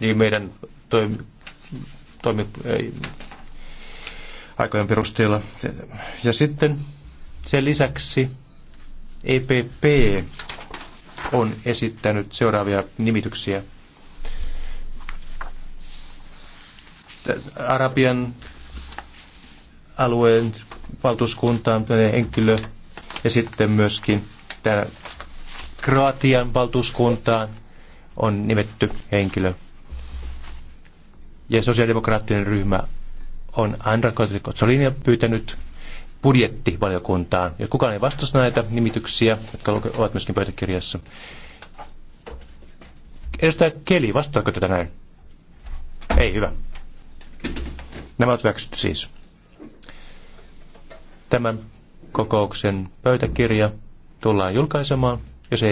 niin meidän toimi, toimi, ei, aikojen perusteella. Ja sitten sen lisäksi EPP on esittänyt seuraavia nimityksiä. Arabian alueen valtuuskuntaan henkilö ja sitten myöskin tämä Kroatian valtuuskuntaan on nimetty henkilö ja sosiaalidemokraattinen ryhmä on Andra Kotsolinia pyytänyt budjettivaliokuntaan. Ja kukaan ei vastasi näitä nimityksiä, jotka ovat myöskin pöytäkirjassa. Edustaja Keli, vastaako tätä näin? Ei, hyvä. Nämä ovat hyväksytty siis. Tämän kokouksen pöytäkirja tullaan julkaisemaan, jos ei